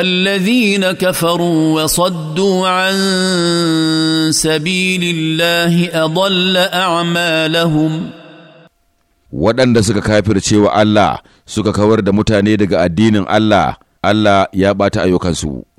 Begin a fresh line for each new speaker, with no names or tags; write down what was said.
الذين كفروا وصدوا عن سبيل الله أضل أعمالهم
waɗanda
suka kafirce wa Allah suka kawar da mutane daga addinin Allah, Allah ya ɓata ayyukansu.